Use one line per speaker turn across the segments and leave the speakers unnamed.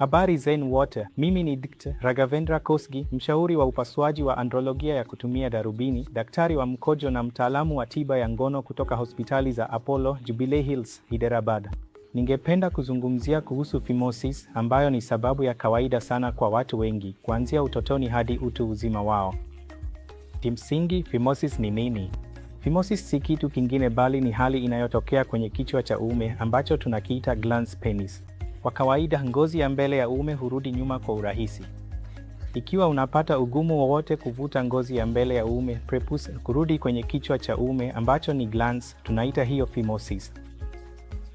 Habari zenu wote, mimi ni Dkt. Raghavendra Kosgi, mshauri wa upasuaji wa andrologia ya kutumia darubini, daktari wa mkojo na mtaalamu wa tiba ya ngono kutoka hospitali za Apollo Jubilee Hills, Hyderabad. Ningependa kuzungumzia kuhusu phimosis ambayo ni sababu ya kawaida sana kwa watu wengi kuanzia utotoni hadi utu uzima wao. Kimsingi, phimosis ni nini? Phimosis si kitu kingine bali ni hali inayotokea kwenye kichwa cha uume ambacho tunakiita glans penis. Kwa kawaida ngozi ya mbele ya uume hurudi nyuma kwa urahisi. Ikiwa unapata ugumu wowote kuvuta ngozi ya mbele ya uume, prepuce kurudi kwenye kichwa cha uume ambacho ni glans, tunaita hiyo phimosis.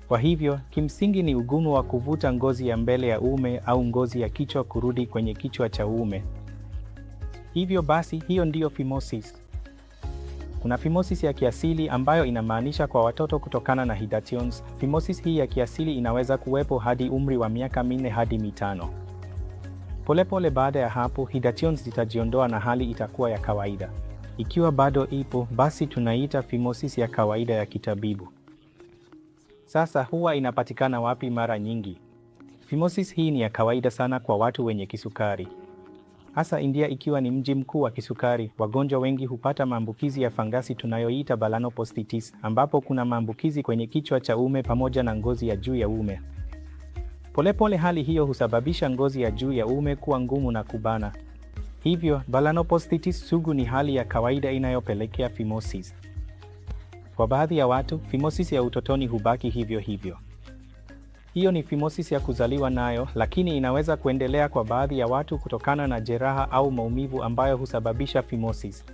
Kwa hivyo, kimsingi ni ugumu wa kuvuta ngozi ya mbele ya uume au ngozi ya kichwa kurudi kwenye kichwa cha uume. Hivyo basi, hiyo ndiyo phimosis. Kuna phimosis ya kiasili ambayo inamaanisha kwa watoto kutokana na hidations. Phimosis hii ya kiasili inaweza kuwepo hadi umri wa miaka minne hadi mitano. Polepole baada ya hapo hidations zitajiondoa na hali itakuwa ya kawaida. Ikiwa bado ipo, basi tunaita phimosis ya kawaida ya kitabibu. Sasa huwa inapatikana wapi mara nyingi? phimosis hii ni ya kawaida sana kwa watu wenye kisukari hasa India ikiwa ni mji mkuu wa kisukari. Wagonjwa wengi hupata maambukizi ya fangasi tunayoiita balanopostitis, ambapo kuna maambukizi kwenye kichwa cha uume pamoja na ngozi ya juu ya uume. Polepole hali hiyo husababisha ngozi ya juu ya uume kuwa ngumu na kubana. Hivyo, balanopostitis sugu ni hali ya kawaida inayopelekea phimosis. Kwa baadhi ya watu, phimosis ya utotoni hubaki hivyo hivyo. Hiyo ni fimosis ya kuzaliwa nayo, lakini inaweza kuendelea kwa baadhi ya watu kutokana na jeraha au maumivu ambayo husababisha fimosis.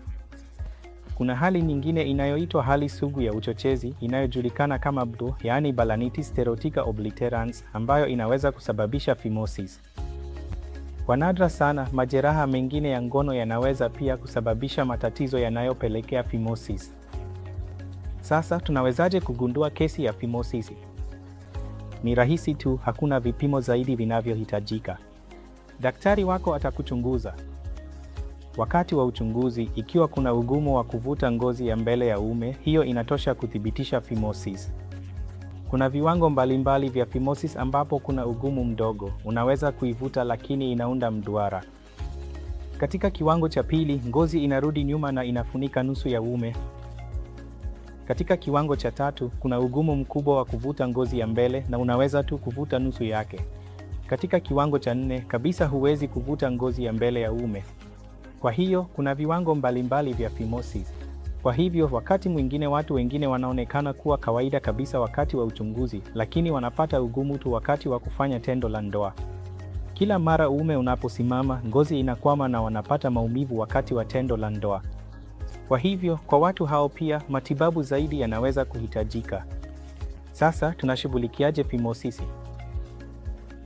Kuna hali nyingine inayoitwa hali sugu ya uchochezi inayojulikana kama BDU, yaani balanitis sterotica obliterans, ambayo inaweza kusababisha fimosis. Kwa nadra sana, majeraha mengine ya ngono yanaweza pia kusababisha matatizo yanayopelekea fimosis. Sasa tunawezaje kugundua kesi ya fimosis? Ni rahisi tu, hakuna vipimo zaidi vinavyohitajika. Daktari wako atakuchunguza. Wakati wa uchunguzi, ikiwa kuna ugumu wa kuvuta ngozi ya mbele ya uume, hiyo inatosha kuthibitisha phimosis. Kuna viwango mbalimbali vya phimosis ambapo kuna ugumu mdogo, unaweza kuivuta lakini inaunda mduara. Katika kiwango cha pili, ngozi inarudi nyuma na inafunika nusu ya uume. Katika kiwango cha tatu, kuna ugumu mkubwa wa kuvuta ngozi ya mbele na unaweza tu kuvuta nusu yake. Katika kiwango cha nne kabisa, huwezi kuvuta ngozi ya mbele ya uume. Kwa hiyo kuna viwango mbalimbali vya phimosis. Kwa hivyo wakati mwingine watu wengine wanaonekana kuwa kawaida kabisa wakati wa uchunguzi, lakini wanapata ugumu tu wakati wa kufanya tendo la ndoa. Kila mara uume unaposimama, ngozi inakwama na wanapata maumivu wakati wa tendo la ndoa. Kwa hivyo kwa watu hao pia matibabu zaidi yanaweza kuhitajika. Sasa tunashughulikiaje fimosisi?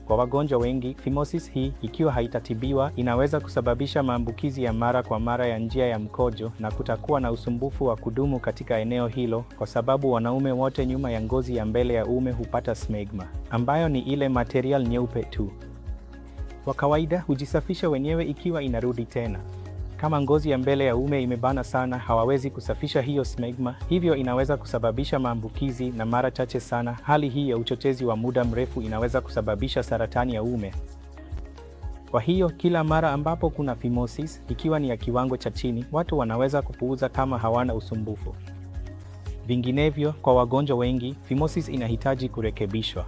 Kwa wagonjwa wengi, fimosis hii ikiwa haitatibiwa inaweza kusababisha maambukizi ya mara kwa mara ya njia ya mkojo na kutakuwa na usumbufu wa kudumu katika eneo hilo kwa sababu wanaume wote nyuma ya ngozi ya mbele ya uume hupata smegma, ambayo ni ile material nyeupe tu. Kwa kawaida hujisafisha wenyewe ikiwa inarudi tena. Kama ngozi ya mbele ya ume imebana sana, hawawezi kusafisha hiyo smegma, hivyo inaweza kusababisha maambukizi, na mara chache sana hali hii ya uchochezi wa muda mrefu inaweza kusababisha saratani ya ume. Kwa hiyo kila mara ambapo kuna phimosis, ikiwa ni ya kiwango cha chini, watu wanaweza kupuuza kama hawana usumbufu. Vinginevyo, kwa wagonjwa wengi, phimosis inahitaji kurekebishwa.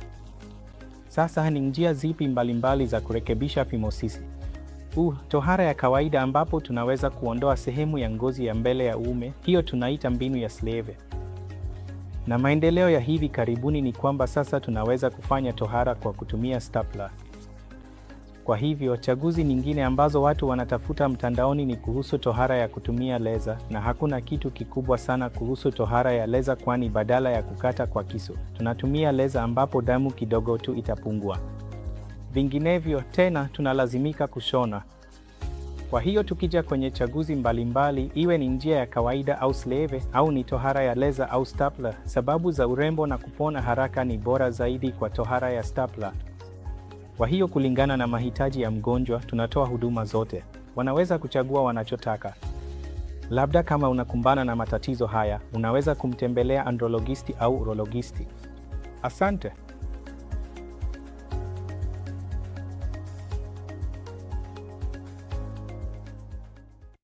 Sasa ni njia zipi mbalimbali za kurekebisha phimosis? Uh, tohara ya kawaida ambapo tunaweza kuondoa sehemu ya ngozi ya mbele ya uume, hiyo tunaita mbinu ya Sleve. Na maendeleo ya hivi karibuni ni kwamba sasa tunaweza kufanya tohara kwa kutumia stapler. Kwa hivyo, chaguzi nyingine ambazo watu wanatafuta mtandaoni ni kuhusu tohara ya kutumia leza, na hakuna kitu kikubwa sana kuhusu tohara ya leza, kwani badala ya kukata kwa kisu, tunatumia leza ambapo damu kidogo tu itapungua. Vinginevyo tena tunalazimika kushona. Kwa hiyo tukija kwenye chaguzi mbalimbali mbali, iwe ni njia ya kawaida au sleve au ni tohara ya leza au stapler, sababu za urembo na kupona haraka ni bora zaidi kwa tohara ya stapler. Kwa hiyo kulingana na mahitaji ya mgonjwa, tunatoa huduma zote. Wanaweza kuchagua wanachotaka. Labda kama unakumbana na matatizo haya, unaweza kumtembelea andrologisti au urologisti. Asante.